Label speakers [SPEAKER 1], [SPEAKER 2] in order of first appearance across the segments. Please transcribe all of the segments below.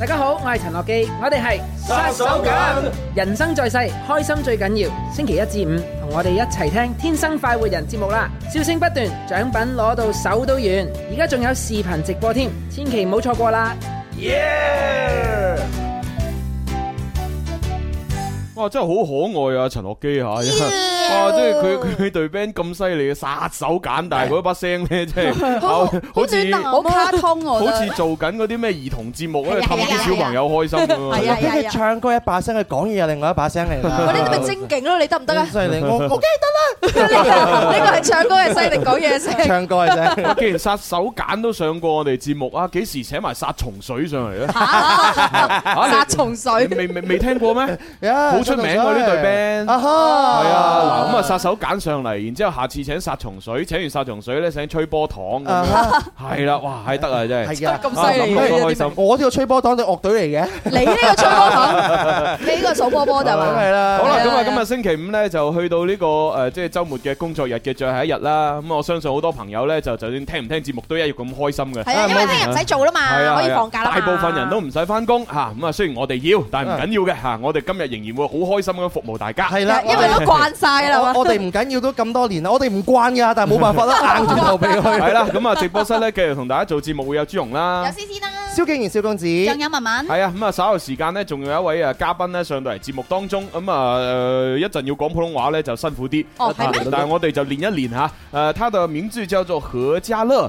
[SPEAKER 1] 大家好，我係陳樂基，我哋係殺手鐧，人生在世，開心最緊要。星期一至五同我哋一齊聽《天生快活人》節目啦，笑聲不斷，獎品攞到手都軟。而家仲有視頻直播添，千祈唔好錯過啦
[SPEAKER 2] ！Yeah!
[SPEAKER 3] 哇，真係好可愛啊，陳樂基吓。Yeah! 哇！即係佢佢隊 band 咁犀利嘅殺手鐧，但係佢一把聲咧，即係好似好卡通，好似做緊嗰啲咩兒童節
[SPEAKER 1] 目，咁啊氹啲小朋友開心咯。係啊，
[SPEAKER 4] 唱歌一把聲，佢講嘢又另外一把聲嚟啦。嗰啲咪精
[SPEAKER 1] 勁咯，你得唔得啊？犀利，我我梗係得啦。呢個係唱歌係犀利，講嘢先。
[SPEAKER 3] 唱歌啫，既然殺手鐧都上過我哋節目啊，幾時請埋殺蟲水上嚟咧？殺蟲水未未未聽過咩？
[SPEAKER 2] 好出名啊！呢隊 band 係啊。
[SPEAKER 3] 咁啊，殺手揀上嚟，然之後下次請殺蟲水，請完殺蟲水咧，請吹波糖，係啦，哇，係得啊，真係，咁犀利，開心！
[SPEAKER 4] 我呢個吹波糖對樂隊嚟嘅，你呢個吹波糖，你
[SPEAKER 1] 呢個掃波波就係啦。好啦，咁啊，今日
[SPEAKER 3] 星期五咧，就去到呢個誒，即係週末嘅工作日嘅最後一日啦。咁我相信好多朋友咧，就就算聽唔聽節目都一樣咁開心嘅。係啊，因為聽日唔使做啦嘛，可以放假啦。大部分人都唔使翻工嚇，咁啊，雖然我哋要，但係唔緊要嘅嚇，我哋今日仍然會好開心咁服務大
[SPEAKER 4] 家。係啦，因為都慣曬。哦、我哋唔緊要都咁多年啦，我哋唔關噶，但係冇辦法啦，硬著
[SPEAKER 3] 頭皮去。係 啦， 咁啊直播室咧，繼續同大家做節目，會有朱蓉啦，有詩詩
[SPEAKER 4] 啦，蕭敬仁、蕭公子，
[SPEAKER 1] 還有文
[SPEAKER 3] 文。係啊，咁啊稍後時間咧，仲有一位啊嘉賓咧上到嚟節目當中，咁啊一陣要講普通話咧就辛苦啲。哦，啊、但係我哋就練一練嚇。他的名字叫做何佳樂。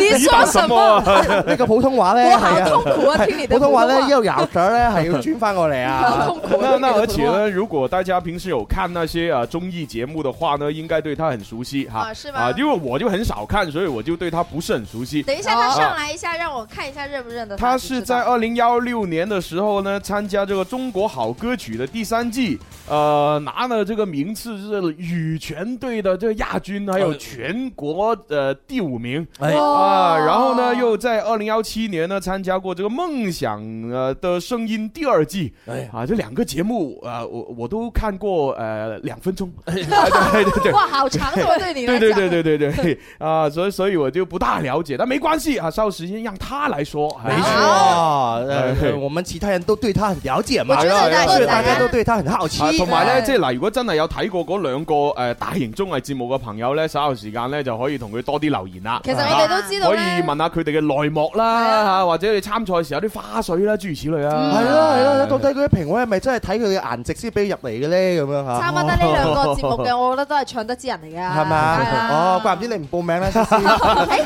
[SPEAKER 4] 你說什麼？ 那個普通話呢，我好痛苦啊，聽你的普通話。普通話呢？ 又咬舌時呢， 還係要轉翻過
[SPEAKER 3] 來啊！那 那，那而且呢， 如果大家平時有看那些啊綜藝節目的話呢，應該對他很熟悉哈、啊啊。是嗎啊，因為我就很少看，所以我就對他不是很熟悉。等一下，他、啊、上來一下、啊，讓我看
[SPEAKER 1] 一下，認不認得他？他是在
[SPEAKER 3] 二零幺六年的時候呢，參加這個《中國好歌曲》的第三季，呃，拿了這個名次是羽泉隊的這個亞軍，還有全國的第五名。哎。哎啊，然後呢，oh. 又在二零一七年呢參加過這個夢想呃的聲音第二季，哎、oh. 啊，這兩個節目啊、呃，我我都看過呃兩分鐘， 啊、對對對，哇，好長哦，對你
[SPEAKER 1] 對對對對對對，對
[SPEAKER 3] 啊，所以所以我就不大了解，但沒關係啊，稍後時間讓他來說，沒錯，
[SPEAKER 4] 我們其他人都對他很了解嘛，我覺得大家都對他很好奇，同埋呢，即係嗱，如
[SPEAKER 3] 果真係有睇過嗰兩個誒大型綜藝節目嘅朋友呢，稍後時間呢就可以同佢多啲留言啦。其實你哋都。可以問，問下佢哋嘅內幕啦嚇，或者你參賽時有啲花絮
[SPEAKER 4] 啦，諸如此類啊。係啦係啦，到底佢啲評委係咪真係睇佢嘅顏值先俾入嚟嘅咧？咁樣嚇。參加得呢兩個節目嘅，
[SPEAKER 1] 我覺得都係唱得之人嚟㗎。係嘛？哦，怪唔知你唔報名咧。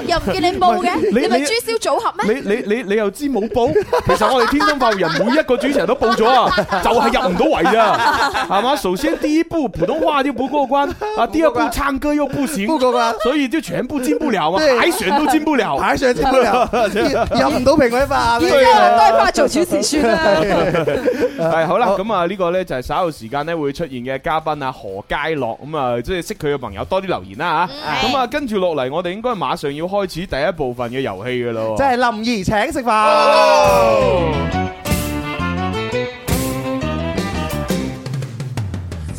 [SPEAKER 4] 又唔見你報嘅。啊，你咪朱銷組合咩？你你你你，你，鮑你又知冇報？其實
[SPEAKER 3] 我哋天津發人每一個主持人都報咗啊，就係、是、入唔到圍啊，係嘛？首先第一步普通話又不過關啊，第二步唱歌又不行，啊、所以就全部進不了啊。海選都。先、啊、 不了，睇上煎布料，入唔到評委房，對啊，都係拍做主持算啦。係好啦，咁啊呢個咧就係稍後時間咧會出現嘅嘉賓啊何佳樂，咁啊即係識佢嘅朋友多啲留言啦吓。咁啊跟住落嚟，我哋應該馬上要開始第一部分嘅遊戲噶咯。即、就、係、是、
[SPEAKER 4] 林怡請食飯。Oh.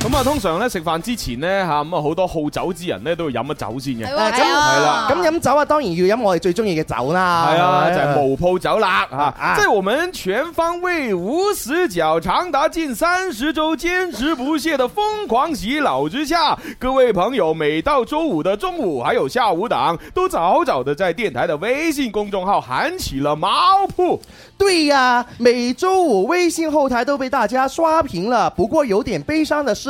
[SPEAKER 4] 咁啊，通
[SPEAKER 3] 常咧食飯之前咧吓，咁啊好多好酒之人咧都會飲乜酒先
[SPEAKER 4] 嘅，係啦。咁飲酒啊，當然要飲我哋最中意嘅酒啦。係啊，就係毛
[SPEAKER 3] 鋪酒啦吓，就是，在我
[SPEAKER 4] 們全方位無死角、長達近
[SPEAKER 3] 三十周堅持不懈的瘋狂洗腦之下，各位朋友每到周五的中午還有下午檔，都早早的在電台的微信公眾號喊
[SPEAKER 4] 起了毛鋪。對、啊、呀，每周五微信後台都被大家刷屏了。不過有點悲傷的是。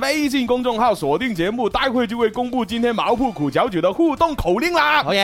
[SPEAKER 3] 微信公眾號鎖定節目，待會就會公布今天毛鋪苦蕎酒的互動口令啦。好嘅，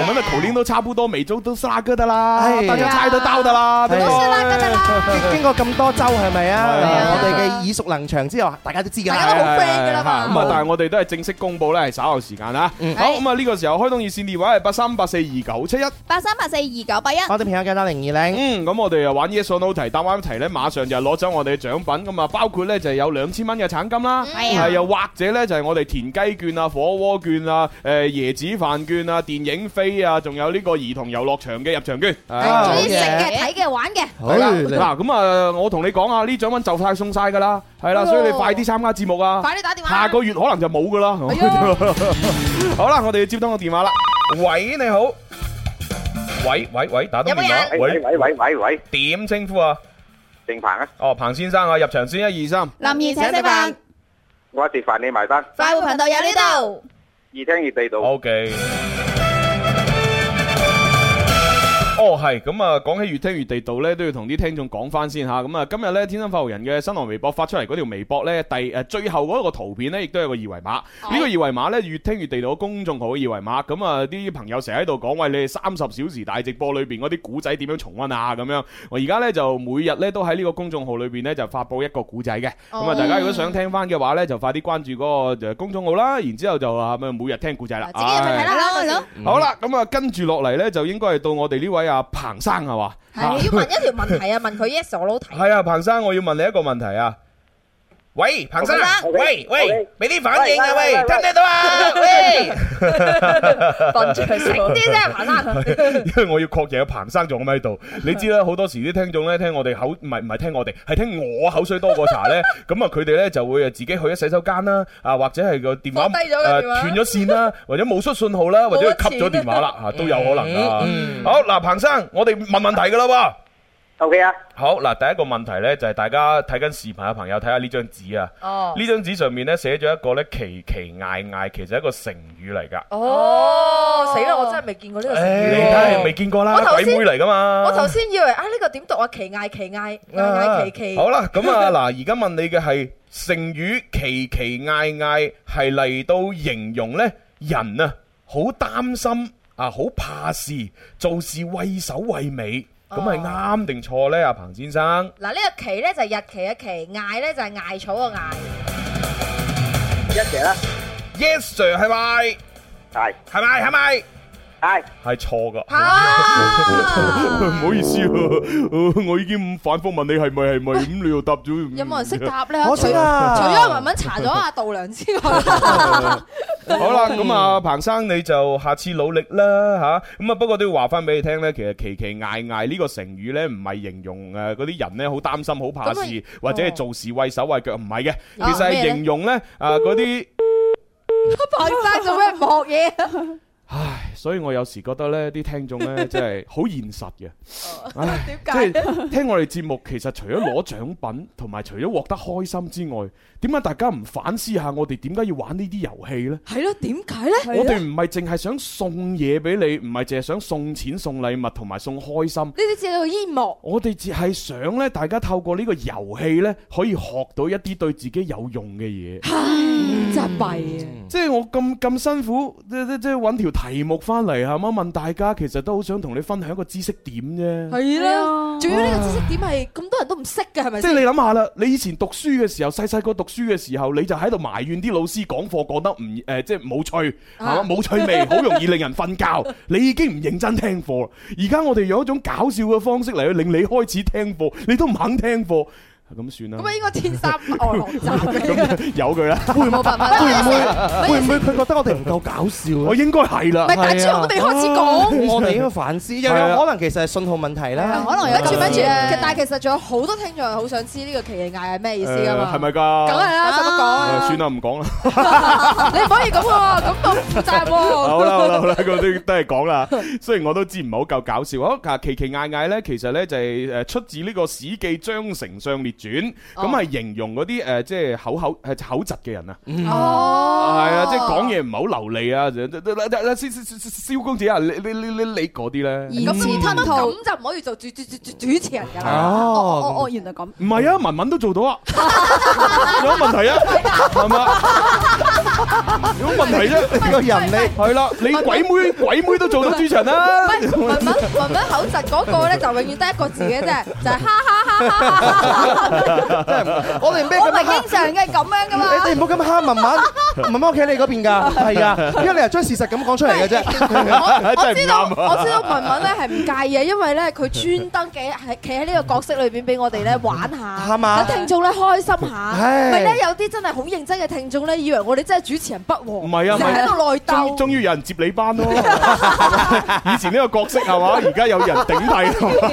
[SPEAKER 3] 我們的口令都差不多，每周都是那個的啦。
[SPEAKER 4] 大家猜到都得啦。啦，經日經過咁多周係咪啊？我哋嘅耳熟能詳之後，大家都知噶。大家都好 friend 噶啦。咁、哎、啊，是哎嗯、但
[SPEAKER 3] 係我哋都係正式公布咧，係稍後時間啊。好咁啊，呢個時候開通熱線電話係八三八四二九七一，
[SPEAKER 1] 八三八四二九八一。我哋
[SPEAKER 3] 朋友零二零。嗯，咁我哋又玩 yes or no 題，答啱題咧馬上就攞走我哋獎品咁啊，包括咧就有兩千蚊嘅產。金、嗯、啦，係、哎、又或者咧，就係我哋田雞券啊、火鍋券啊、誒椰子飯券啊、電影飛啊，仲有呢個兒童遊樂場嘅入場券。
[SPEAKER 1] 做
[SPEAKER 3] 最食嘅、睇嘅、okay、玩嘅。好啦，嗱咁啊，我同你講啊，呢獎品就快送晒噶啦，係啦、哎，所以你快啲參加節目啊！快啲打電話。下個月可能就冇噶啦。哎、 好啦，我哋接通個電話啦。喂，你好。喂喂喂，打通電話。喂喂喂喂喂，點稱呼啊？鄭鵬啊！哦，彭先生啊，入場先一二三，林兒請食飯，我一碟飯你埋單。
[SPEAKER 1] 快活頻道有呢度，
[SPEAKER 3] 越聽越地道。O K。哦，係咁啊！講、嗯、起越聽越地道咧，都要同啲聽眾講翻先吓。咁、嗯、啊，今日咧，天生快活人嘅新浪微博發出嚟嗰條微博咧，第誒最後嗰一個圖片咧，亦都有個二維碼。呢、哦，這個二維碼咧，越聽越地道公眾號嘅二維碼。咁、嗯、啊，啲、嗯、朋友成日喺度講，喂，你哋三十小時大直播裏邊嗰啲古仔點樣重溫啊？咁樣，我而家咧就每日咧都喺呢個公眾號裏邊咧就發佈一個古仔嘅。咁、哦、啊，大家如果想聽翻嘅話咧，就快啲關注嗰個公眾號啦。然之後就啊，每日聽古仔啦。自己入去睇啦，哎好好好嗯，好啦，咁、嗯、啊，跟住落嚟咧，就應該係到我哋呢位。阿、啊、彭生係話，
[SPEAKER 1] 我要問一條問題啊， 問佢 yes or no 題。
[SPEAKER 3] 係啊，彭生，我要問你一個問題啊。喂，彭生，喂、OK, OK, OK,
[SPEAKER 1] 喂，俾、OK, 啲、OK, 反應啊、OK, 喂，喂，喂，喂，喂，喂，聽得
[SPEAKER 4] 到啊
[SPEAKER 3] 喂，瞓住去食啲先，彭先生，因為我要確認阿彭生仲喺喺度。你知啦，好多時啲聽眾咧聽我哋口，唔係唔係聽我哋，係聽我口水多過茶咧。咁啊，佢哋咧就會自己去咗洗手間啦，啊或者係個電話誒斷咗綫啦，或者冇 出信號啦、啊，或者吸咗電話啦吓、 嗯，都有可能啊、嗯嗯。好嗱，彭生，我哋問問題噶啦噃。ok 啊，好嗱，第一個問題呢，就係、是、大家睇緊視頻嘅朋友睇下呢張紙啊，哦，呢張紙上面呢，寫咗一個呢奇奇艾艾，其實係一個成語嚟噶，哦，
[SPEAKER 1] 死啦，我真係未見過呢個成語，你睇係未
[SPEAKER 3] 見過啦，鬼妹嚟嘛，我頭先
[SPEAKER 1] 以為啊呢、這個點讀啊奇艾奇艾艾、呃啊、奇奇，好啦，咁啊
[SPEAKER 3] 嗱，而 家問你嘅係成語奇奇艾艾係嚟到形容呢人啊好擔心啊好怕事，做事畏首畏尾。咁係啱定錯咧，阿彭先生？
[SPEAKER 1] 嗱、oh。啊，這個、呢個期咧就係、日期嘅期，艾咧就係、是、艾草嘅艾。一期啦
[SPEAKER 3] ，Yes sir 係咪？
[SPEAKER 1] 係？係咪係咪？是係係錯噶，
[SPEAKER 3] 唔好意思，我已經反複問你係咪係咪，咁你又答咗。有冇人識答咧？我除咗除咗慢慢查咗阿
[SPEAKER 1] 杜梁之外，好啦，咁啊，
[SPEAKER 3] 彭生你就下次努力啦吓。咁啊，不過都要話翻俾你聽咧，其實期期艾艾呢個成語咧，唔係形容誒嗰啲人咧好擔心、好怕事或者係做事畏手畏腳，唔係嘅，其實係形容咧啊嗰啲，
[SPEAKER 1] 彭生做咩唔學嘢啊？
[SPEAKER 3] 唉，所以我有時覺得呢啲聽眾呢， 真係好現實嘅。唉，即係、就是、聽我哋節目，其實除咗攞獎品同埋 除咗獲得開心之外，點解大家唔反思下我哋點解要玩呢啲遊戲呢？
[SPEAKER 1] 係咯？點解呢？我哋
[SPEAKER 3] 唔係淨係想送嘢俾你，唔係淨係想送錢、送禮物同埋送開心。
[SPEAKER 1] 呢啲只係個煙幕。
[SPEAKER 3] 我哋只係想呢，大家透過呢個遊戲呢，可以學到一啲對自己有用嘅嘢。係
[SPEAKER 1] 真係弊啊！即、就、係、是、我咁咁辛
[SPEAKER 3] 苦，即即即揾條。題目翻嚟係嘛？問大家其實都好想同你分享個知識點啫。係啦，
[SPEAKER 1] 仲要呢個知識點係咁多人都唔識嘅，係咪？即係你諗下
[SPEAKER 3] 啦，你以前讀書嘅時候，細細個讀書嘅時候，你就喺度埋怨啲老師講課講得唔、呃、即係冇趣冇、啊、趣味，好容易令人瞓覺。 你已經唔認真聽課。而家我哋用一種搞笑嘅方式嚟去令你開始聽課，你都唔肯聽課。係咁算啦。咁
[SPEAKER 2] 啊，應該天
[SPEAKER 1] 生
[SPEAKER 3] 阿龍走。有佢啦。會唔會？會唔會？會唔會？佢覺得我哋唔夠
[SPEAKER 4] 搞笑啊！我應該係啦。唔係，因為我哋開始講。我哋要反思，因為可能其實係信號問題啦。可能有。跟住，跟住。但係
[SPEAKER 1] 其實仲有好多聽眾係好想知呢個期期艾艾係咩意思啊嘛。係咪
[SPEAKER 4] 㗎？梗係啦，我都講。算啦，唔講啦。你唔
[SPEAKER 1] 可以咁喎，咁好
[SPEAKER 5] 大禍。好啦好啦好啦，嗰啲
[SPEAKER 3] 都係講啦。雖然我都知唔係好夠搞笑。好，其實期期艾艾咧，其實咧就係誒出自呢個《史記》張丞相列。轉咁係形容嗰啲誒，即係口口係口窒嘅人啊，哦，係啊，即係講嘢唔係好流利啊。蕭公子啊，你你你你你嗰啲咧，咁唔通咁
[SPEAKER 1] 就唔可以做主主主主主持人噶？哦哦哦，原來咁。唔
[SPEAKER 3] 係啊，文文都做到啊，有冇問題啊？係嘛，
[SPEAKER 1] 有
[SPEAKER 5] 冇問題
[SPEAKER 3] 啫？你個人你係啦，你鬼妹鬼妹都做到主持人啦。喂，文
[SPEAKER 1] 文文文口窒嗰個咧，就永遠得一個字嘅啫，就係哈哈哈。真係，我哋咩咁蝦，我唔係經常嘅，係、啊、咁樣噶嘛。你哋唔好咁蝦文文，
[SPEAKER 4] 文文屋企你嗰邊噶，係 啊，因為你係將事實咁講出嚟嘅啫。我知道、啊，我知道文文咧係唔介
[SPEAKER 1] 意，啊，因為咧佢專登嘅係企喺呢個角色裏邊俾我哋咧玩下，聽眾咧開心下。但係咧有啲真係好認真嘅聽眾咧，以為我哋真係主持人不和，不不而喺度內鬥終。
[SPEAKER 3] 終於有人接你班咯！以前呢個角色係嘛，而家有人頂替
[SPEAKER 4] 我。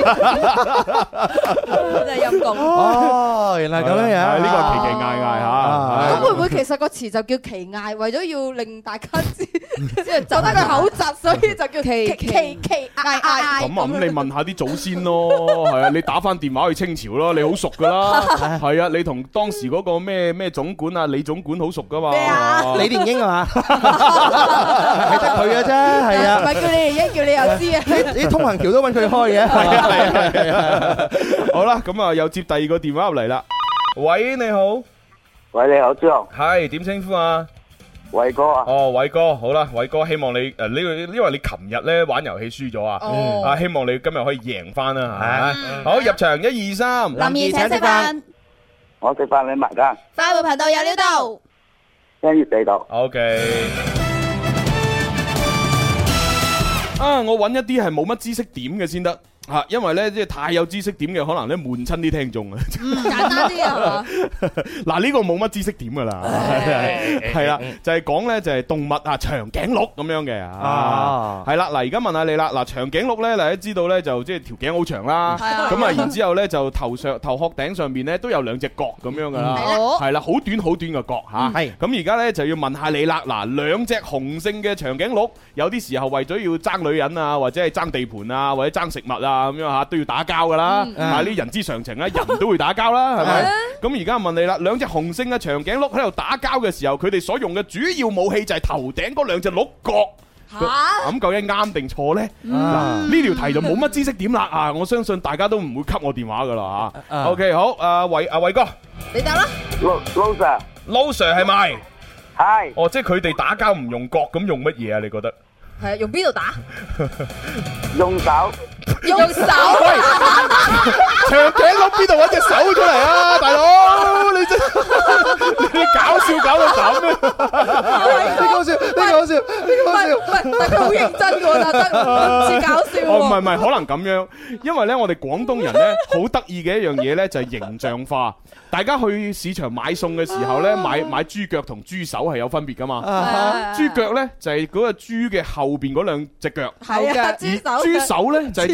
[SPEAKER 1] 真係陰功。
[SPEAKER 4] 哦，原嚟咁樣樣，呢、啊、個奇奇嗌嗌吓。咁、啊啊啊啊啊、會唔會
[SPEAKER 1] 其實個詞就叫奇嗌，為咗要令大家知道，即係就得個口窒，所以就叫奇奇奇嗌嗌。咁咁
[SPEAKER 3] 你問一下啲祖先咯，係 啊，你打翻電話去清朝啦，你好熟噶啦，係啊，啊，你同當時嗰個咩咩總管啊李總管好熟噶嘛。咩啊？李蓮
[SPEAKER 4] 英啊嘛？
[SPEAKER 1] 係得佢嘅啫，係啊，唔係叫李蓮英，叫你又知啊。你通
[SPEAKER 3] 行橋都搵佢開嘅，係 啊，係 啊，
[SPEAKER 2] 係啊，
[SPEAKER 3] 好啦，咁啊，又接第二個電。啊啊電話入嚟啦！喂，你好，喂，你好，朱龍，係點稱呼啊？偉哥啊！哦，偉哥，好啦，偉哥，希望你誒呢個，因為你琴日咧玩遊戲輸咗啊，啊，希望你今日可以贏翻啦吓！好，入場一二三，林怡，請食飯，我食飯你埋單，
[SPEAKER 1] 快活頻道有料到，一月四度
[SPEAKER 3] ，OK。啊，我揾一啲係冇乜知識點嘅先得。啊、因為咧即係太有知識點嘅，可能咧悶親啲聽眾啊。簡單
[SPEAKER 5] 啲
[SPEAKER 3] 啊，嗱、這、呢個冇乜知識點噶啦，係啦，就係講咧就係、是、動物啊長頸鹿咁樣嘅啊，係啦嗱，而、啊、家、啊、問下你啦，嗱長頸鹿咧大家知道咧就即係條頸好長啦，咁啊然之後咧就頭,頭殼頂上頭殼頂上邊咧都有兩隻角咁樣噶啦，係啦，好的很短好短嘅角吓，係咁而家咧就要問下你啦，嗱兩隻雄性嘅長頸鹿，有啲時候為咗要爭女人啊，或者係爭地盤啊，或者爭食物啊。啊咁樣吓都要打交噶啦，吓，呢人之常情啦，人都會打交啦，係咪？咁而家問你啦，兩隻雄性嘅長頸鹿喺度打交嘅時候，佢哋所用嘅主要武器就係頭頂嗰兩隻鹿角，吓，咁究竟啱定錯咧？嗱呢條題就冇乜知識點啦啊！我相信大家都唔會畀我電話噶啦吓。OK 好，誒偉，阿偉哥，你答啦。Loser，Loser 係咪？係。哦，即係佢哋打交唔用角，咁用乜嘢啊？你覺得？
[SPEAKER 1] 係用邊度打？
[SPEAKER 3] 用手。
[SPEAKER 1] 用
[SPEAKER 2] 手喂，
[SPEAKER 4] 長頸鹿邊度搵隻手出嚟啊，大佬，你真哈哈哈哈你搞笑搞到咁咩？呢個好笑，呢個好笑，呢個好笑，唔係大家好認真㗎，真唔好搞笑。哦，唔係
[SPEAKER 3] 唔係，可能咁樣，因為咧，我哋廣東人咧好得意嘅一樣嘢咧，就係形象化。大家去市場買餸嘅時候咧，買買豬腳同豬手係有分別噶嘛？豬腳咧就係嗰個豬嘅後邊嗰兩隻腳，係啊，豬手咧就係。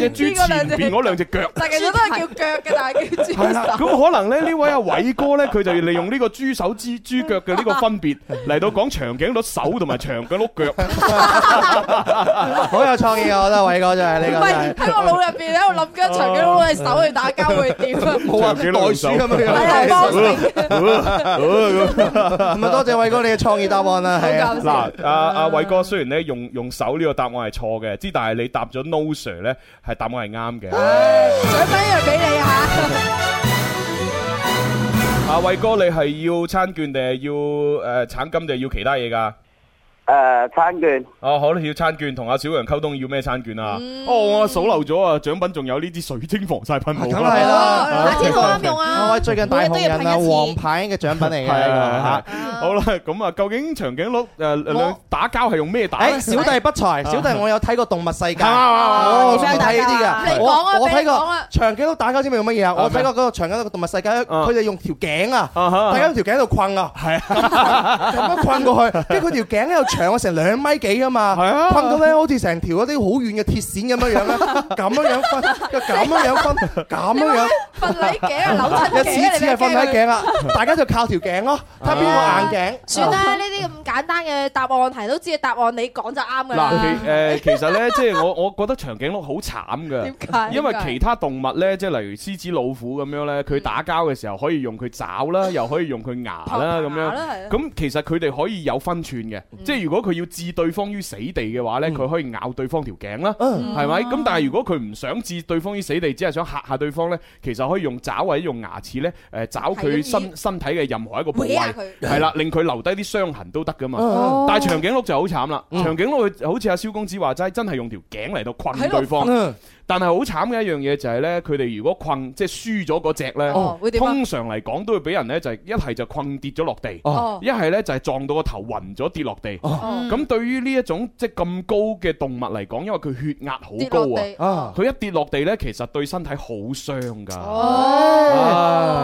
[SPEAKER 3] 只、那個、豬前邊嗰兩隻腳，其實
[SPEAKER 1] 都係叫腳嘅，但係叫豬手。係啦，
[SPEAKER 3] 咁可能咧呢位阿偉哥咧，佢就要利用呢個豬手之豬腳嘅呢個分別嚟到講長頸鹿手同埋長頸鹿腳。
[SPEAKER 4] 好 有創意啊！我覺得偉哥就係呢、這個。係喺、就是、我腦入邊
[SPEAKER 1] 喺度諗
[SPEAKER 4] 緊長頸鹿嘅手去打交會點啊？冇話幾耐鼠咁樣。係啊，唔 多謝偉哥你嘅創意答案、嗯、啊！嗱、啊，阿阿偉
[SPEAKER 3] 哥雖然咧用用手呢個答案係錯嘅，之但係你答咗 no sir 咧。係答案係啱嘅，
[SPEAKER 5] 獎品一樣俾你啊，啊。阿、
[SPEAKER 3] 啊、偉哥，你係要餐券定係要誒橙、呃、金定係要其他嘢噶？誒，
[SPEAKER 6] 餐券
[SPEAKER 3] 哦，好啦，要餐券同阿小楊溝通，要咩餐券啊？哦，我數漏咗啊，獎品仲有呢支水晶防曬噴霧啦，梗
[SPEAKER 4] 係啦，呢
[SPEAKER 3] 支好啱用啊！最近大紅人啊，黃
[SPEAKER 4] 牌嘅獎品嚟嘅吓。
[SPEAKER 3] 好啦，咁啊，究竟長頸鹿誒兩打交係用
[SPEAKER 4] 咩打？小弟不才，小弟我有睇過動物世界，我有睇呢啲嘅，我我睇過長頸鹿打交知唔知用乜嘢啊？我睇過嗰個長頸鹿嘅動物世界，佢哋用條頸啊，係咁條頸喺度困啊，係，咁樣困過去？跟住佢條頸咧又。成兩米幾啊嘛，瞓、啊、到咧好似成條嗰啲好軟嘅鐵線咁樣樣咧，咁樣、啊、樣分，咁樣樣瞓，咁樣樣瞓喺頸啊，扭親頸嚟嘅，有係瞓喺頸啊，啊，啊，啊！大家就靠條頸咯，睇、啊、邊個硬頸、啊。算啦，
[SPEAKER 1] 呢啲咁簡單嘅答案題都知，答案你講就啱嘅啦。嗱、啊
[SPEAKER 3] 呃，其實咧， 即係我我覺得長頸鹿好慘嘅，點解？因為其他動物咧，即係例如獅子、老虎咁樣咧，佢打交嘅時候可以用佢爪啦，又可以用佢牙啦，咁樣，咁其實佢哋可以有分寸嘅，即係如果佢要置對方於死地嘅話呢佢、嗯、可以咬對方條頸啦，係、嗯、咪？咁但係如果佢唔想置對方於死地，只係想嚇下對方呢，其實可以用爪或者用牙齒呢，誒、呃，找佢身身體嘅任何一個部位，係啦，令佢留低啲傷痕都得㗎嘛。哦、但係長,長頸鹿就好慘啦，長頸鹿好似阿蕭公子話齋，真係用條頸嚟到困對方。但係好慘嘅一樣嘢就係咧，佢哋如果困即係輸咗嗰隻咧，通常嚟講都會俾人咧就係、是、一係就困跌咗落地，一係咧就係、是、撞到個頭暈咗跌落地。咁、哦嗯、對於呢一種即係咁高嘅動物嚟講，因為佢血壓好高啊，佢、哦、一跌落地咧，其實對身體好傷噶。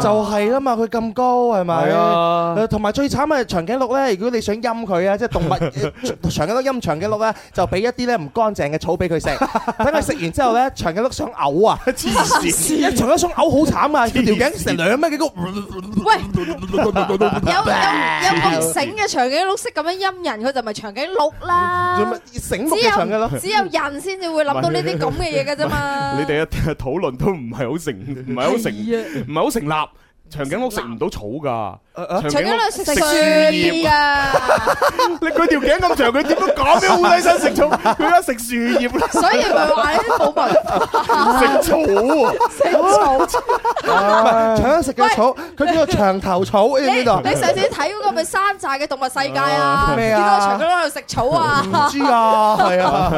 [SPEAKER 4] 就係、是、啦嘛，佢咁高係咪？係啊。同埋、啊、最慘嘅長頸鹿咧，如果你想陰佢啊，即係動物 長頸鹿陰長頸鹿咧，就俾一啲咧唔乾淨嘅草俾佢食， 等佢食完之後咧。長頸鹿想嘔啊！黐線！ 長頸鹿嘔好慘啊！佢條頸成兩米幾高。
[SPEAKER 1] 喂， 有有有咁醒嘅長頸鹿識咁樣陰人，佢就咪長頸鹿啦。長頸鹿只有只有人先至會諗到呢啲咁嘅嘢㗎啫嘛。 你
[SPEAKER 3] 哋一討論都唔係好成，唔係好成，唔係好成立。 長頸鹿食唔到草噶、嗯，長頸鹿食樹葉噶。你佢條頸咁長，佢點都搞唔到低身食草，
[SPEAKER 4] 佢而家食樹葉啦。所以咪話啲動物食草，食草，唔係，長頸鹿食嘅草。佢叫做長頭草呢度。你上次
[SPEAKER 1] 睇嗰個咪山寨嘅動物世界啊？咩啊？見到長頸鹿又食草啊？唔知啊，
[SPEAKER 3] 係啊。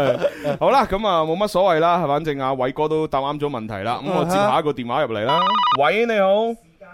[SPEAKER 3] 好啦，咁啊冇乜所謂啦，反正阿偉哥都答啱咗問題啦。咁我接下一個電話入嚟啦。喂，你好。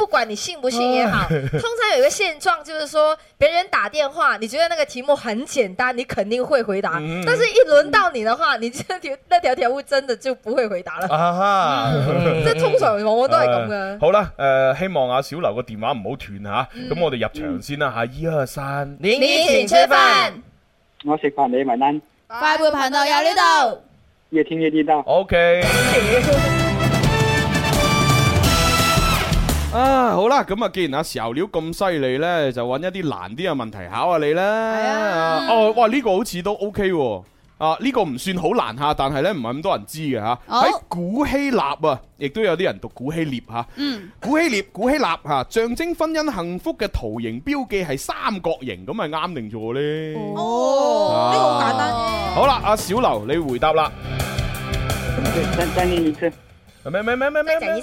[SPEAKER 1] 不管你信不信也好，啊、通常有一個現狀就是說，別人打電話， 你覺得那個題目很簡單，你肯定會回答；嗯、但是，一輪到你的話，你這條那條條目真的就不會回答了。啊、哈哈、嗯嗯嗯，這通常我都係咁嘅。好
[SPEAKER 3] 啦，誒、呃，希望阿小劉個電話唔好斷吓，咁、啊嗯、我哋入場先啦、啊！吓、嗯，下一二三，你請吃飯，我食飯你咪拎。
[SPEAKER 1] 快活頻道有呢度，
[SPEAKER 3] 越聽越地道。夜夜地 OK okay。啊，好啦，咁啊，既然阿時候料咁犀利咧，就揾一啲難啲嘅問題考下你啦。哦、啊啊，哇，呢、這個好似都 OK 喎、啊。啊，呢、這個唔算好難吓，但係咧唔係咁多人知嘅吓。喺、哦、古希臘啊，亦都有啲人讀古希臘吓。嗯。古希臘、古希臘吓、啊，象徵婚姻幸福嘅圖形標記係三角形，咁咪啱定錯咧。哦。
[SPEAKER 5] 呢、啊這個好簡
[SPEAKER 3] 單。好啦，阿小劉，你回答啦。咩？咩？咩、啊？咩？咩？咩？係唔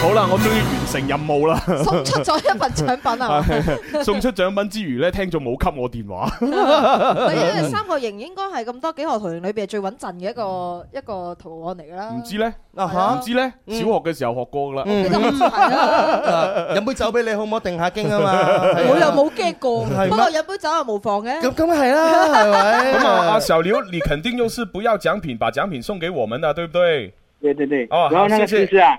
[SPEAKER 3] 好啦，我終於完成任務啦！送出咗一份獎品啊！ 送出獎品之餘咧，聽眾冇給我電話。 因為三
[SPEAKER 1] 角形應該係咁多幾何圖形裏邊最穩陣嘅一個、嗯、一個圖案嚟噶啦。唔知
[SPEAKER 4] 咧，啊吓唔、啊、知咧、嗯，小學嘅時候學過噶啦。飲、嗯啊 啊、杯酒俾你，好唔好？定下驚啊嘛？啊我
[SPEAKER 3] 又冇
[SPEAKER 1] 驚過，不過飲杯酒又無妨嘅。咁咁係啦，係咪？咁 啊，阿
[SPEAKER 3] 壽你肯定又是不要獎品， 把獎品送俾我們的、啊，對不對？對對對。哦、啊哎，謝謝。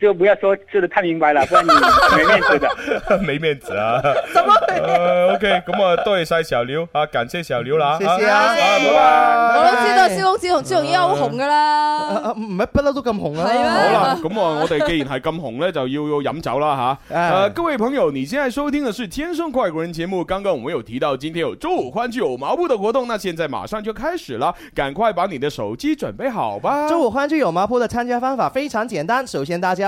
[SPEAKER 3] 就不要說說的太明白了，不然你沒面子的， 沒面子啊！怎 麼 o k 咁啊，多謝晒小劉啊，uh, 感謝小劉啦。謝謝啊，好啦， 嗯、
[SPEAKER 1] 我都知道《笑傲江湖》《笑紅衣》好紅
[SPEAKER 3] 噶
[SPEAKER 4] 啦。唔係不嬲都咁紅啦。好啦，
[SPEAKER 3] 咁啊，我哋既然係咁紅咧，就要要飲酒啦哈。 呃，各位朋友，你現在收聽的是《天生快活人》節目。剛剛我們有提到，今天有周五歡聚有毛鋪的活動，那現在馬上就開始了，趕快把你的手機準備
[SPEAKER 4] 好吧。周五歡聚有毛鋪的參加方法非常簡單，首先大家。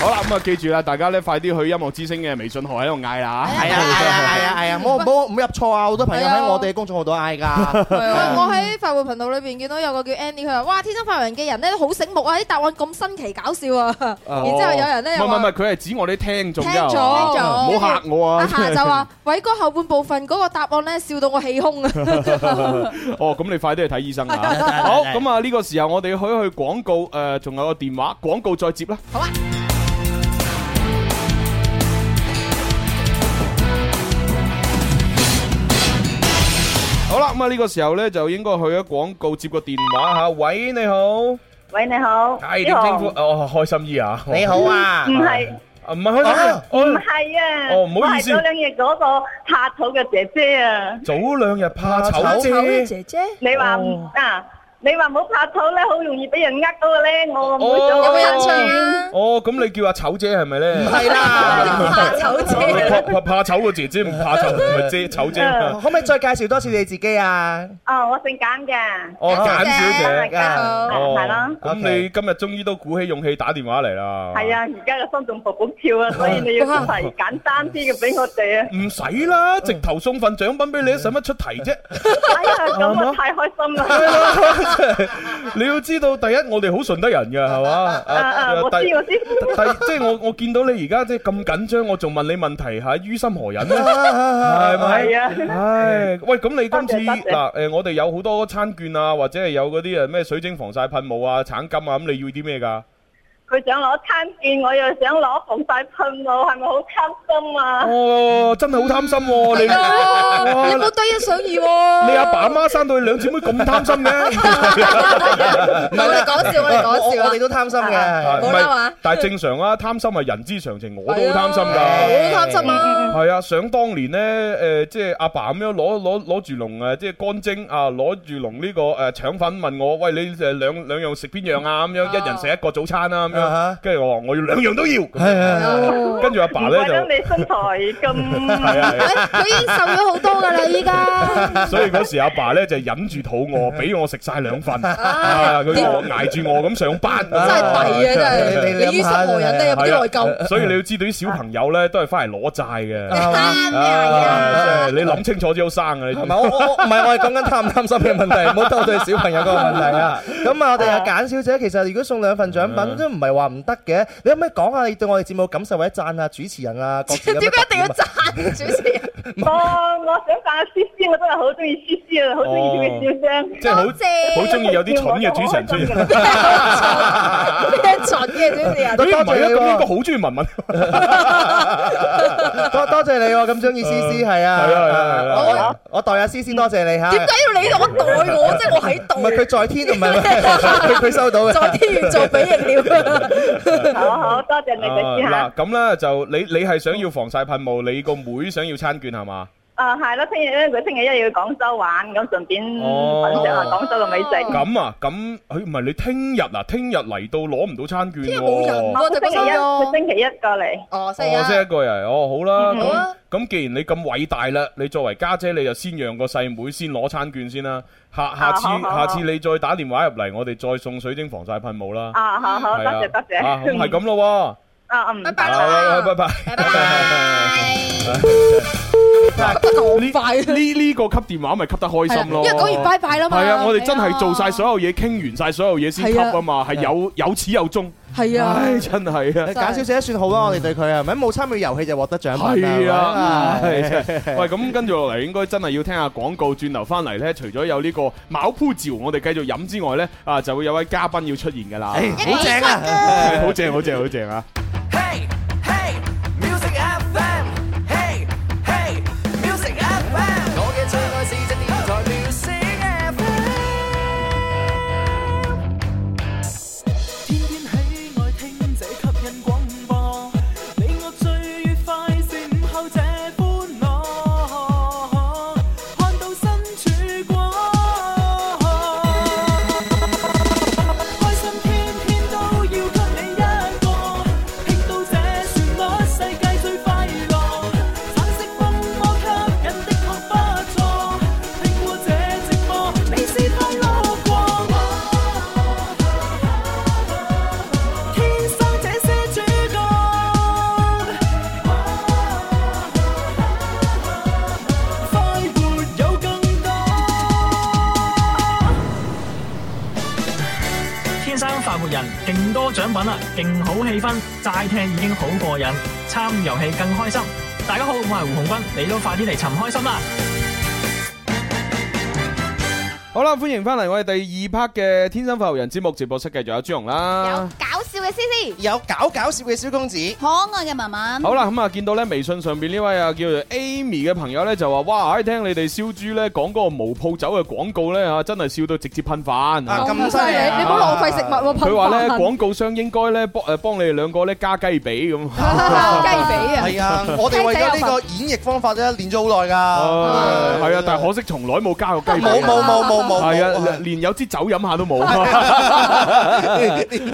[SPEAKER 3] 好啦，咁啊，記住啦，大家咧快啲去音樂之聲嘅微信號喺度嗌啦！係啊，係啊，係啊，係啊，
[SPEAKER 1] 唔好
[SPEAKER 4] 唔好唔入錯啊！好多朋友喺我哋嘅公眾號度嗌噶。
[SPEAKER 1] 我喺快活頻道裏邊見到有個叫 Andy，佢話：哇，天生快活人嘅人咧好醒目啊！啲答案咁新奇搞笑啊！然之後有人咧又唔唔唔，
[SPEAKER 3] 佢係指我啲聽眾。聽眾，好吓我啊！阿霞就話：
[SPEAKER 1] 偉哥後半部分嗰個答案咧，笑到我氣胸啊！
[SPEAKER 3] 哦，咁你快啲去睇醫生啊！好，咁啊，呢個時候我哋可以去廣告誒，仲有個電話廣告再接啦。好啊！咁啊，呢、這個時候咧就應該去咗廣告接個電話吓。喂，你好，
[SPEAKER 6] 喂，你好，哎、你好，
[SPEAKER 3] 哦，開心姨啊，你好啊，唔係是，唔係、啊、開心，唔係
[SPEAKER 6] 啊，啊啊哦，唔好意思，我早兩日嗰個
[SPEAKER 1] 怕醜嘅姐姐啊，
[SPEAKER 3] 早兩日怕醜，醜姐
[SPEAKER 1] 姐，你話唔得？哦你話唔好拍醜咧，好容易俾人呃到嘅咧。我唔會做咁有
[SPEAKER 3] 趣啊。哦，咁你叫阿醜姐係咪咧？唔
[SPEAKER 1] 係啦，怕醜姐。怕
[SPEAKER 3] 怕怕醜姐，字， 唔怕醜咪姐醜 姐，姐。
[SPEAKER 4] 可唔可以再介紹多次你自己啊？
[SPEAKER 1] 哦，我姓簡嘅，簡、哦、小姐，姐啊。姐姐姐姐啊好，係、哦、啦。咁你
[SPEAKER 3] 今日終於都鼓起勇氣打電話嚟啦？係啊，而家個
[SPEAKER 4] 心仲勃勃跳啊，所以你要安排 簡單啲嘅俾我哋啊。唔使
[SPEAKER 3] 啦，直頭送份獎品俾你，使乜出題啫？
[SPEAKER 5] 哎呀，咁我太開心了 啦。
[SPEAKER 3] 你要知道，第一我哋好順德人嘅係嘛？啊啊，我知我知，第即係我我見到你而家即係咁緊張，我仲問你問題吓，於、啊、心何忍咧？係咪 吧啊？係唉、嗯、喂，咁你今次嗱誒、呃，我哋有好多餐券啊，或者係有嗰啲誒咩水晶防曬噴霧啊、橙金啊，咁你要啲咩噶？佢想攞餐券，我又想攞防曬噴霧，係咪好貪心啊？哦，真係好貪心喎！你你冇得一想二喎！你阿爸阿媽生到你兩姊妹咁貪心嘅？唔係
[SPEAKER 2] 講
[SPEAKER 3] 笑，我哋講笑，我哋都貪心嘅，冇得話。但係正常啊，貪心係人之常情，我都好貪心㗎，好貪心啊！係啊，想當年咧，誒，即係阿爸咁樣攞攞攞住籠啊，即係乾蒸啊，攞住籠呢個誒腸粉問我，喂，你誒兩兩樣食邊樣啊？咁樣一人食一個早餐啦咁樣。跟住我話我要兩樣都要，跟住阿爸咧，就得你
[SPEAKER 1] 身材咁，佢 已經瘦咗好多噶啦，依家。
[SPEAKER 3] 所以嗰時阿爸咧就忍住肚餓，俾我食晒兩份，啊，佢、啊、我挨住我咁上班，啊、真係弊嘅真你於依心人都、啊、有啲內疚。所以你要知道啲小朋友咧都係翻嚟攞債嘅，你諗、啊、清楚先好生嘅，係唔係，我係講緊貪唔貪心嘅問題，唔好針對小朋友嗰個問
[SPEAKER 4] 題 啊。咁啊，我哋阿簡小姐，其實如果送兩份獎品都唔係。嗯話唔得嘅，你可唔可以講下你對我哋節目感受或者讚下主持人啊？點解一定要讚主
[SPEAKER 1] 持人？我我想讚思思，我都係好中意思思啊，好中意佢笑聲。即係好，好中意有啲蠢嘅主
[SPEAKER 4] 持人。所以唔係啊，呢個好中意文文。多多謝你咁中意思思，係啊，係啊，係啊。我我代阿思思多謝你吓。點解要你代我？即係我喺度。唔係佢在天，唔係佢佢收到嘅。在天，再俾人了。 好
[SPEAKER 1] 好，多謝你嘅支持。嗱、啊，
[SPEAKER 3] 咁咧、啊、就你，你係想要防曬噴霧，你個妹妹想要餐券係嘛？
[SPEAKER 1] 啊，係啦，聽日咧佢星期一要去廣州玩，咁順便品嘗下廣
[SPEAKER 3] 州嘅美食。咁啊，咁佢唔係你聽日啊，聽日嚟到攞唔到餐券。聽日冇人，我就
[SPEAKER 5] 星期一，我星期
[SPEAKER 3] 一過嚟。哦，星期一個人。哦，好啦，咁咁既然你咁偉大啦，你作為家姐，你就先讓個細妹先攞餐券先啦。下下次下次你再打電話入嚟，我哋再送水晶防曬噴霧啦。啊，好，多謝多謝，係咁咯喎。
[SPEAKER 5] 啊嗯，拜拜啦，拜拜，拜
[SPEAKER 3] 拜，拜拜，拜拜，咁快呢呢個吸電話咪吸得開心咯，因為講完拜拜啦嘛，係啊，我哋真係做晒所有嘢，傾完晒所有嘢先吸啊嘛，係有有始有終，
[SPEAKER 5] 係
[SPEAKER 4] 啊，真係啊，簡小姐都算好啦，我哋對佢啊，咪冇參與遊戲就獲得獎係啊，
[SPEAKER 3] 喂，咁跟住落嚟應該真係要聽下廣告，轉頭返嚟咧，除咗有呢個茅埔蕉，我哋繼續飲之外咧，啊，就會有位嘉賓要出現㗎喇，好正啊，好
[SPEAKER 5] 正，好正，好正啊！
[SPEAKER 1] 分齋聽已經好過癮，參與遊戲更開心。大家好，我係胡鴻鈞，你都快啲嚟尋開心啦！
[SPEAKER 3] 好啦，歡迎翻嚟，我哋第二 part 嘅《天生快活人節目節目》節目直播室，繼續有朱融啦。
[SPEAKER 1] 好笑嘅師師，有搞搞
[SPEAKER 4] 笑嘅蕭公子，可愛嘅文文。好啦，
[SPEAKER 3] 咁啊見到咧微信上邊呢位啊叫做 Amy 嘅朋友咧就話：哇，聽你哋蕭豬咧講嗰個無鋪酒嘅廣告咧啊，真係笑到直接噴飯。咁犀利，你唔好浪費食物喎。佢話咧廣告商應該咧幫誒幫你哋兩個咧加雞髀咁。雞髀啊！
[SPEAKER 4] 係啊，我哋為咗呢個演繹方法咧練咗好
[SPEAKER 3] 耐噶。係啊，但係可惜從來冇加過雞髀。冇冇冇冇冇。係啊，連有支酒飲下都冇。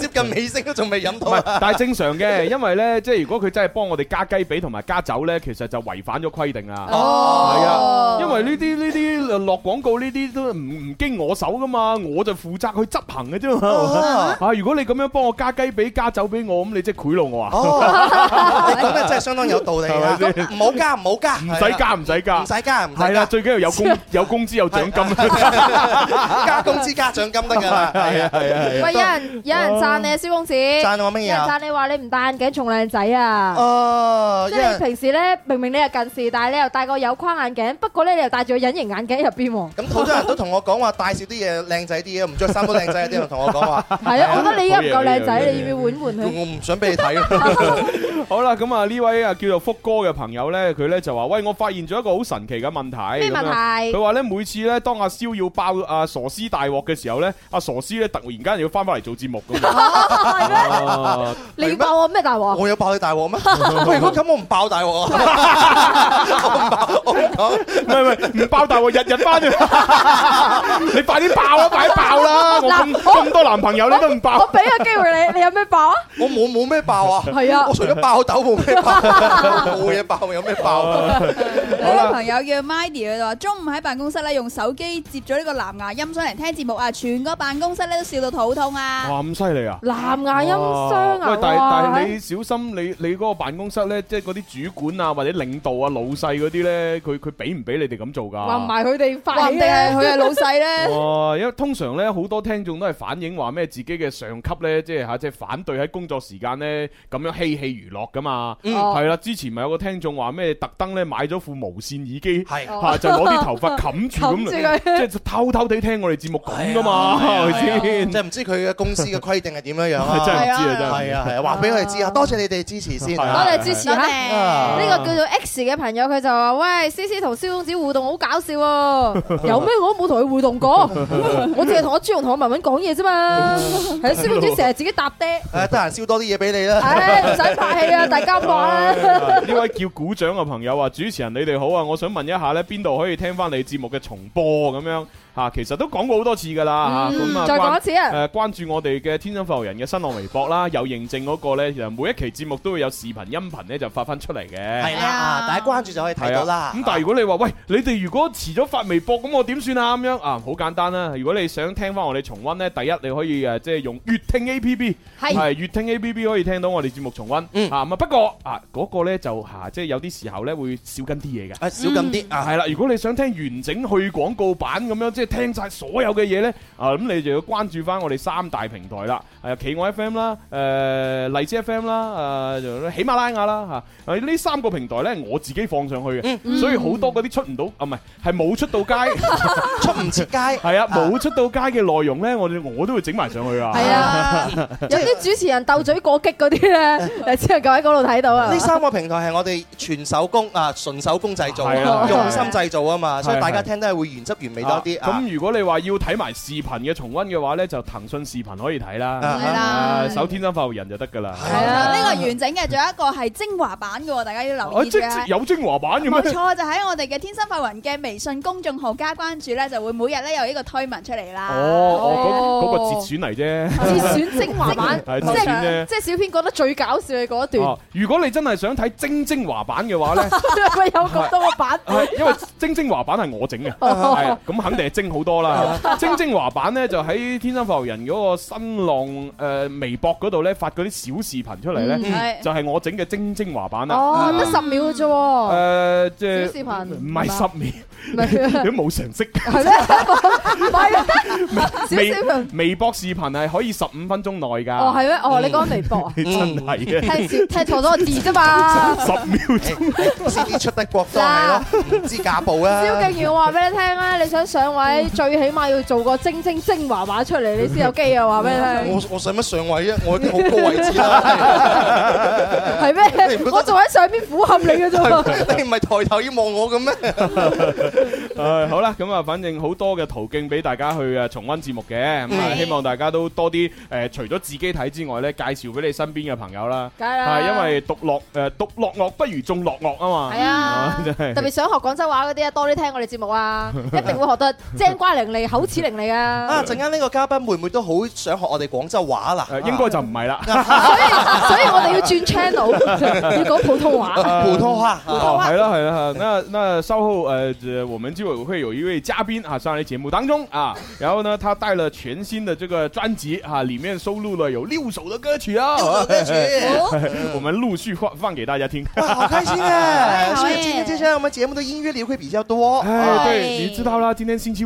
[SPEAKER 3] 接
[SPEAKER 4] 近尾。都仲未飲到，唔係，
[SPEAKER 3] 但係正常嘅，因為咧，即係如果佢真係幫我哋加雞髀同埋加酒咧，其實就違反咗規定啊！
[SPEAKER 2] 哦，係啊，因
[SPEAKER 3] 為呢啲呢啲落廣告呢啲都唔唔經我手㗎嘛，我就負責去執行嘅啫嘛。啊，如果你咁樣幫我加雞髀加酒俾我，咁你即係賄賂我啊！哦，你講得真係相當有道理，係咪先？唔好加，唔好加，唔使加，唔使加，唔使加，唔使加，最緊要有工有工資有獎金，加
[SPEAKER 4] 工資加獎金得㗎啦。係啊係
[SPEAKER 1] 啊，喂，有人有人讚你，蕭工。讚我乜嘢啊？讚你話你唔戴眼鏡仲靚仔啊？哦，即係平時咧，明明你係近視，但係你又戴個有框眼鏡，不過咧你又戴咗隱形眼鏡入邊。咁好多人
[SPEAKER 4] 都同我講話戴少啲嘢靚仔啲嘅，唔着衫都靚仔啲。同我講話係啊，我覺得你而家唔夠靚仔，你要唔要
[SPEAKER 1] 換換佢。我唔
[SPEAKER 4] 想俾你睇。
[SPEAKER 3] 好啦，咁啊呢位啊叫做福哥嘅朋友咧，佢咧就話：喂，我發現咗一個好神奇嘅問題。咩問題？佢話咧每次咧當阿蕭要爆阿傻師大鑊嘅時候咧，阿傻師咧突然間要翻翻嚟做節目咁。
[SPEAKER 4] 你要爆我咩大鑊？我有爆你大鑊咩？喂，咁咁我唔爆大鑊啊！唔爆大鑊，日日翻，你快啲爆啊！快啲爆
[SPEAKER 1] 啦！咁多男朋友你都唔爆？我俾個機會你，你有咩爆， 爆啊？我冇冇咩爆
[SPEAKER 3] 啊？
[SPEAKER 4] 係啊！我除咗爆豆，冇咩爆，冇嘢爆，有咩爆？ 爆
[SPEAKER 1] 爆啊？有個朋友叫 Mandy，佢就話中午喺辦公室咧用手機接咗呢個藍牙音箱嚟聽節目啊，全個辦公室咧都笑到肚痛啊！
[SPEAKER 3] 哇咁犀利啊！藍亞音箱啊！喂，但係但係你小心你你嗰個辦公室咧，即係嗰啲主管啊，或者領導啊、老細嗰啲咧，佢佢俾唔俾你哋咁做㗎？話
[SPEAKER 1] 埋佢哋廢嘅，佢 係老細咧。
[SPEAKER 3] 哇！因為通常咧，好多聽眾都係反映話咩，自己嘅上級咧，即係嚇，即係反對喺工作時間咧咁樣嬉戲娛樂㗎嘛。嗯，係啦、哦。之前咪有個聽眾話咩，特登咧買咗副無線耳
[SPEAKER 4] 機，係嚇、哦啊、就攞啲頭髮冚住咁， 樣 即係偷偷地聽我哋節目講㗎嘛，係咪先？哎哎、 即係唔知佢嘅公司嘅規定係點樣樣啊？ 真係知係。啊，係啊，話俾我哋知啊，多謝你哋支持先、啊。多謝支持啊！呢、啊啊啊這個叫做
[SPEAKER 1] X 嘅朋友，佢就話，喂，C C 同蕭公子互動好搞笑喎、啊啊。有咩我都冇同佢互動過，我淨係同我朱融同我文文講嘢啫嘛。係蕭、啊、公子成日自己搭爹。誒、啊，
[SPEAKER 4] 得閒燒多啲嘢俾你啦。唉，
[SPEAKER 1] 唔使拍戲啊，大家講啦、啊。
[SPEAKER 3] 呢、啊啊、 位叫鼓掌嘅朋友啊， 主持人，你哋好啊！我想問一下咧，邊度可以聽翻你節目嘅重播咁樣？啊，其實都講過好多次噶啦嚇，咁、嗯、啊，再講一次啊。誒、啊，關注我哋嘅天生快活人嘅新浪微博啦，有認證嗰個咧，其實每一期節目都會有視頻、音頻咧，就發翻出嚟嘅。係啦、啊，
[SPEAKER 4] 大、啊、家關注就可以睇到啦。咁、啊啊、但係
[SPEAKER 3] 如果你話喂，你哋如果遲咗發微博，咁我點算啊？咁樣啊，好簡單啦、啊。如果你想聽翻我哋重溫咧，第一你可以誒、啊，即係用越聽 A P P 係越聽 A P P 可以聽到我哋節目重溫。嗯、啊，啊不，不過啊，嗰、那個咧就嚇、啊，即係有啲時候咧會少跟啲嘢嘅。少跟啲、嗯、啊，係啦。如果你想聽完整去廣告版咁樣，即聽晒所有嘅嘢咧，啊咁你就要關注翻我哋三大平台啦，係啊，企鵝 F M 啦，誒，荔枝 F M 啦，誒，就喜馬拉雅啦吓，誒，呢三個平台咧，我自己放上去嘅，所以好多嗰啲出唔到，啊唔係，係冇出到街，出唔切街，係啊，冇出到街嘅內容
[SPEAKER 4] 咧，我哋我都會整埋上去啊，係啊，有
[SPEAKER 1] 啲主持人鬥嘴過激嗰啲咧，誒，只能夠喺嗰度睇到啊。呢
[SPEAKER 4] 三個平台係我哋全手工啊，純手工製造，用心製造啊嘛，所以大家聽得係會原汁原味多啲啊。咁、嗯、如果你要話要睇埋視頻嘅重
[SPEAKER 3] 溫嘅話咧，就騰訊視頻可以睇啦，係啦，搜、啊、天生快活人就得噶啦。係
[SPEAKER 1] 啦，呢、這個完整嘅，仲有一個係精華版嘅，大家要留意、啊就是、有
[SPEAKER 3] 精華版嘅咩？冇錯，
[SPEAKER 1] 就喺我哋嘅天生快活人嘅微信公眾號加關注咧，就會每日咧有呢個推文出嚟啦。哦，嗰嗰、哦那個節選
[SPEAKER 3] 嚟啫，節選精華版，係即
[SPEAKER 1] 係小編覺得最搞笑嘅嗰一段、啊。
[SPEAKER 3] 如果你真係想睇精精華版嘅話咧，有咁多
[SPEAKER 1] 個版，
[SPEAKER 3] 因為精精華版係我整嘅，係 咁肯定係精。好多啦！蒸蒸華版咧就喺天生發人嗰個新浪誒、呃、微博嗰度咧發嗰啲小視頻出嚟咧、嗯，就係、是、我整嘅蒸蒸華版啦。哦、嗯、啊、是是十
[SPEAKER 1] 秒嘅啫、啊。誒、呃，即係小視頻，唔係十
[SPEAKER 3] 秒。如冇成識，係
[SPEAKER 1] 咩？小視
[SPEAKER 2] 頻
[SPEAKER 1] ，
[SPEAKER 3] 微博視頻係可以十五分鐘內噶。哦，係咩？哦，你講微博啊？ 你真係嘅，
[SPEAKER 1] 踢踢錯咗個字啫嘛、啊。
[SPEAKER 4] 十五秒先先、欸欸、出得國都係啦，
[SPEAKER 1] 唔知假報啦。蕭敬堯話俾你聽啊，你想上位？你最起碼要做個精精精華畫出嚟，你先有機啊！話俾你
[SPEAKER 4] 聽。我我使乜上位啊？我已經好高位置，
[SPEAKER 1] 係咩？我仲喺上邊俯瞰你嘅啫。
[SPEAKER 4] 你唔係抬頭要望我咁
[SPEAKER 3] 咩？誒，好啦，咁啊，反正好多嘅途徑俾大家去啊重溫節目嘅，希望大家都多啲誒，除咗自己睇之外咧，介紹俾你身邊嘅朋友啦，梗係啦。係因為獨樂誒獨樂樂不如眾樂樂啊嘛。係啊，特別
[SPEAKER 1] 想學廣州話嗰啲啊，多啲聽我哋節目啊，一定會學得。正乖伶俐，口齒伶俐啊！啊，陣間呢個
[SPEAKER 4] 嘉賓會唔會都好想學我哋廣州話啦？應、啊、該就唔係啦。
[SPEAKER 1] 所以，所以我哋要轉 channel， 要講普通話、啊、普通話、啊、普通話係啦，
[SPEAKER 4] 係、哦、啦，那那稍後
[SPEAKER 3] 誒、呃，我們就會會有一位嘉賓啊上嚟節目當中啊，然後呢，他帶了全新的這個專輯啊，裏面收錄了有六首的歌曲啊。歌曲，哦、 我們陸續放放給大家聽，好開心啊！所、哎、以今
[SPEAKER 4] 天，接下來我們節目的音樂會比較多。誒、
[SPEAKER 3] 哎哎，對，你知道啦，今天星期。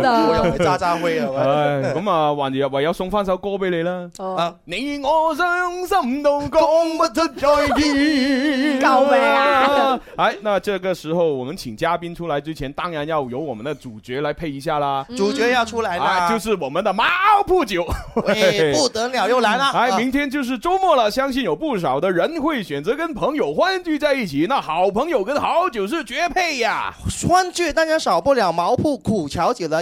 [SPEAKER 1] 我
[SPEAKER 4] 又咪渣渣灰啊喂。咁 啊、哎，還是
[SPEAKER 3] 唯有送翻首歌俾你啦、哦。
[SPEAKER 1] 啊， 你我傷心到講不出再
[SPEAKER 4] 見，
[SPEAKER 3] 救 命 to join 啊！哎，那這個時候我們請嘉賓出來之前，當然要由我們的主角來配一下啦。主角要出來啦、啊哎，就是我們的毛鋪酒、嗯，哎，不得了又來了、啊哎啊。哎，明天就是周末了，相信有不少的人會選擇跟朋友歡聚在一起。那好朋友跟好酒是絕配呀、啊，
[SPEAKER 4] 歡聚當然少不了毛鋪苦蕎酒了。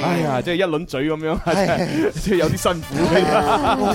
[SPEAKER 3] 哎呀，即係一輪嘴咁樣，
[SPEAKER 4] 即係有啲辛苦。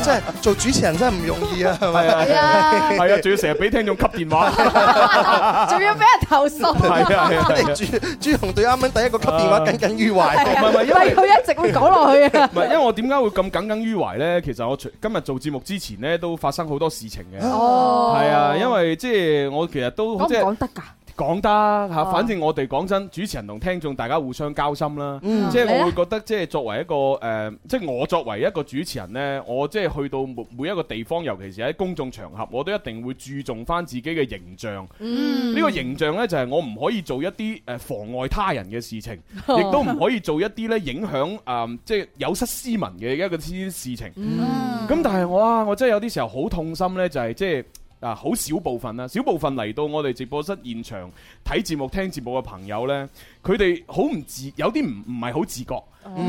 [SPEAKER 4] 真係做主持人真係唔容易啊，係咪啊？係啊，仲要成日俾聽眾吸電話，
[SPEAKER 1] 仲要俾人投訴。係啊，朱
[SPEAKER 4] 朱紅對啱啱第一個吸電話耿耿於懷。唔係唔係，因為佢一直會講落去。啊。唔係，因為
[SPEAKER 1] 我
[SPEAKER 3] 點解會咁耿耿於懷咧？其實我今日做節目之前咧，都發生好多事情嘅。哦，係啊，因為即係我其實都好講得噶。講得吓、啊，啊、反正我哋講真，主持人同聽眾大家互相交心啦。嗯、即係我會覺得，呢即係作為一個誒、呃，即係我作為一個主持人呢，我即係去到每每一個地方，尤其是喺公眾場合，我都一定會注重翻自己嘅形象。呢、嗯、個形象呢，就係、是、我唔可以做一啲誒、呃、妨礙他人嘅事情，亦、嗯、都唔可以做一啲呢影響誒、呃、即係有失斯文嘅一個事情。咁但係，哇！我真係有啲時候好痛心呢、就是，就係、是就是、即係。啊，好少部分啦，少部分嚟到我哋直播室現場睇節目聽節目嘅朋友呢，佢哋好唔自，有啲唔唔係好自覺，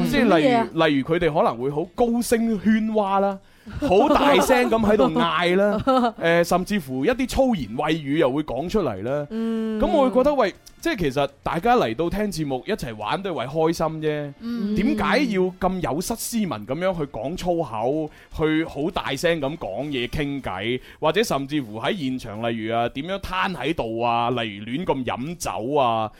[SPEAKER 3] 即係 Mm-hmm. 例如例如佢哋可能會好高聲喧譁啦。好 大聲咁喺度嗌啦，誒、 呃，甚至乎一啲粗言穢語又會講出嚟啦。咁、嗯、我會覺得，喂，即係其實大家嚟到聽節目一齊玩都係為開心啫。點、嗯、解要咁有失斯文咁樣去講粗口，嗯、去好大聲咁講嘢傾偈，或者甚至乎喺現場例，例如啊，點樣攤喺度啊，例如亂咁飲酒啊，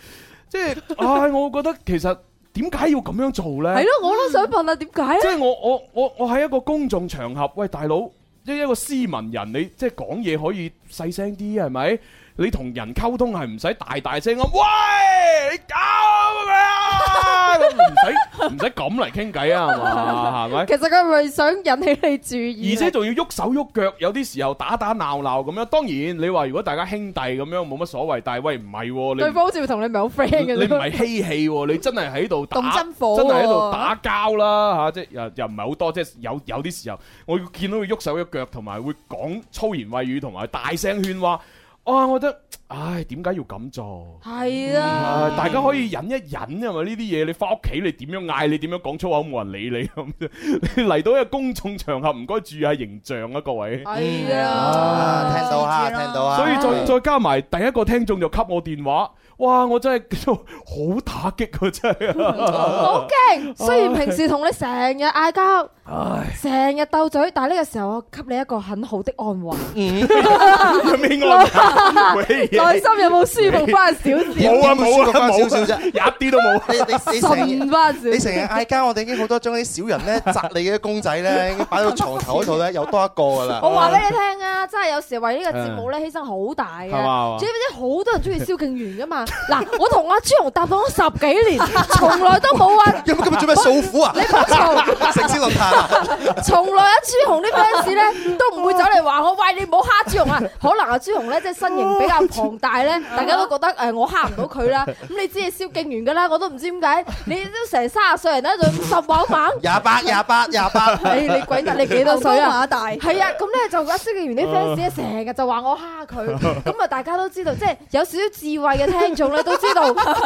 [SPEAKER 3] 即係、哎，我覺得其實。 點解要咁樣做呢？係咯，我都
[SPEAKER 1] 想問啊，點解咧？即係我
[SPEAKER 3] 我我我喺一個公眾場合，喂，大佬一一個斯文人，你即係講嘢可以細聲啲，係咪？你同人溝通係唔使大大聲咁，喂！你搞咩啊？唔使唔使咁嚟傾偈啊？係嘛？係咪？其實
[SPEAKER 1] 佢係想引起你注意，而
[SPEAKER 3] 且仲要喐手喐腳，有啲時候打打鬧鬧咁樣。當然，你話如果大家兄弟咁樣冇乜所謂，但係喂唔係、喔，對方
[SPEAKER 1] 好似同你唔係好 friend 嘅，
[SPEAKER 3] 你唔係嬉戲喎，你真係喺度打，真係喺度打交啦、啊、即係又又唔係好多，即係有有啲時候，我見到佢喐手喐腳，同埋會講粗言穢語，同埋大聲喧嘩。啊我覺得。唉，點解要咁做？
[SPEAKER 1] 係啊，大
[SPEAKER 3] 家可以忍一忍啊嘛！呢啲嘢你翻屋企，你點樣嗌，你點樣講粗口，冇人理你咁，嚟到一個公眾場合唔該注意下形象啊！各位，
[SPEAKER 4] 係啊，聽到啊，聽到啊！所以再再
[SPEAKER 3] 加埋第一個聽眾就給我電話，哇！我真係好打擊佢，真係，好
[SPEAKER 1] 驚！雖然平時同你成日嗌交，
[SPEAKER 5] 唉，
[SPEAKER 1] 成日鬥嘴，但係呢個時候我給你一個很好的安慰，
[SPEAKER 2] 咩安慰？喂！內心有冇舒服翻少少？冇啊冇啊冇、啊啊啊啊啊啊，一啲都冇。你你、 啊、你成日你成
[SPEAKER 4] 日嗌交，我哋已經好多將啲小人咧，扎你啲公仔咧，擺到床頭嗰度咧，有多一個噶啦。 我話俾你
[SPEAKER 1] 聽啊，真係有時為個節呢個節目咧，犧牲好大嘅、啊。知唔知好多人中意蕭敬源噶嘛？嗱，我同阿朱紅搭檔咗十幾年，從來都冇話。 今日做咩訴苦啊？ 你講吵笑成龍？城市論壇從來阿朱紅啲 fans 咧，都唔會走嚟話我喂，你唔好蝦朱紅啊。可能阿朱紅咧，即係身形比較大咧，大家都覺得誒，我蝦唔到佢啦。咁你知係蕭敬元嘅啦，我都唔知點解，你都成三十歲人啦，仲十磅磅廿八廿八廿八，誒你鬼得你幾多歲啊？高馬大，係啊，咁咧就啊，蕭敬元啲 fans 咧成日就話我蝦佢，咁啊大家都知道，即係有少少智慧嘅聽眾咧，都知道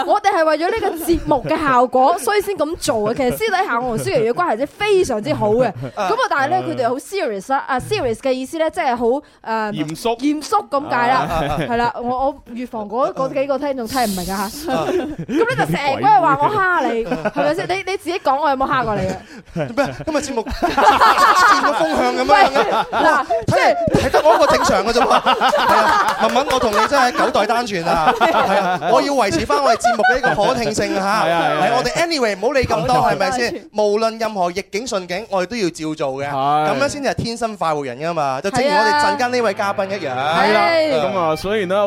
[SPEAKER 1] 我哋係為咗呢個節目嘅效果，所以先咁做嘅。其實私底下我同蕭敬元嘅關係真係非常之好嘅。咁啊，但係咧佢哋好 serious 啦，啊 serious 嘅意思咧即係好誒嚴肅嚴肅咁解啦，係啦。我我預防嗰嗰幾個聽眾聽唔明㗎嚇，
[SPEAKER 5] 咁你就成日都係話我蝦你，係咪先？你
[SPEAKER 1] 你自己講我有冇蝦過你啊？咩？今日節目轉咗風向咁樣樣嘅，嗱！睇嚟係得我一個正常嘅啫嘛。
[SPEAKER 4] 文文，我同你真係九代單傳啊！係啊，我要維持翻我哋節目嘅呢個可聽性嚇。係啊係啊，我哋 anyway 唔好理咁多，係咪先？無論任何逆境順境，我哋都要照做嘅。係咁樣先至係天生快活人㗎嘛。就正如我哋陣間呢位嘉賓一樣。係啊，
[SPEAKER 3] 咁啊，所以呢。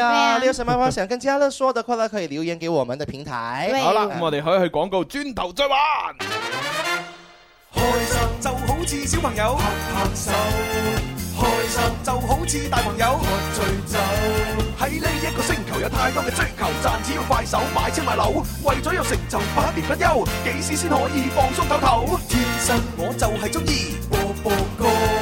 [SPEAKER 3] 啊、
[SPEAKER 4] 你有什麼話想跟佳樂說的，話呢可以留言給我們的平台。 好啦，咁、嗯、我哋可以去廣告轉頭再玩。開心就好似小朋友拍拍手，開心就好似大朋友喝醉酒。喺呢一個星球有太多嘅追求，賺錢要
[SPEAKER 3] 快手買車買樓，為咗有成就百年不休，幾時先可以放鬆透透？天生我就係中意播放歌。